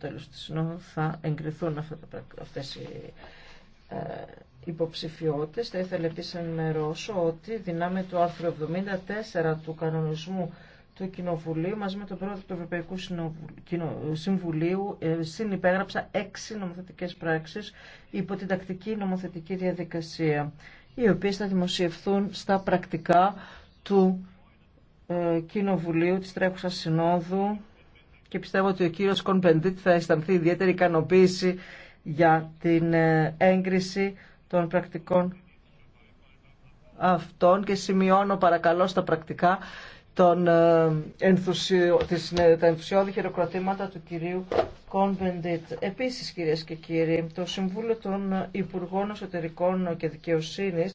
τέλος της συνόδου θα εγκριθούν αυτές οι ε, υποψηφιότητες. Θα ήθελα επίσης να ενημερώσω ότι δυνάμει του άρθρου 74 του κανονισμού του Κοινοβουλίου μαζί με τον πρόεδρο του Ευρωπαϊκού Συμβουλίου ε, συνυπέγραψα έξι νομοθετικές πράξεις υπό την τακτική νομοθετική διαδικασία οι οποίες θα δημοσιευθούν στα πρακτικά του ε, Κοινοβουλίου της τρέχουσας συνόδου και πιστεύω ότι ο κύριος Κονπεντήτ θα αισθανθεί ιδιαίτερη ικανοποίηση για την ε, έγκριση των πρακτικών αυτών και σημειώνω παρακαλώ στα πρακτικά τον, ε, ε, τα ενθουσιώδη χειροκροτήματα του κυρίου Κόνβεντιτ. Επίσης κυρίες και κύριοι, το Συμβούλιο των Υπουργών Εσωτερικών και Δικαιοσύνης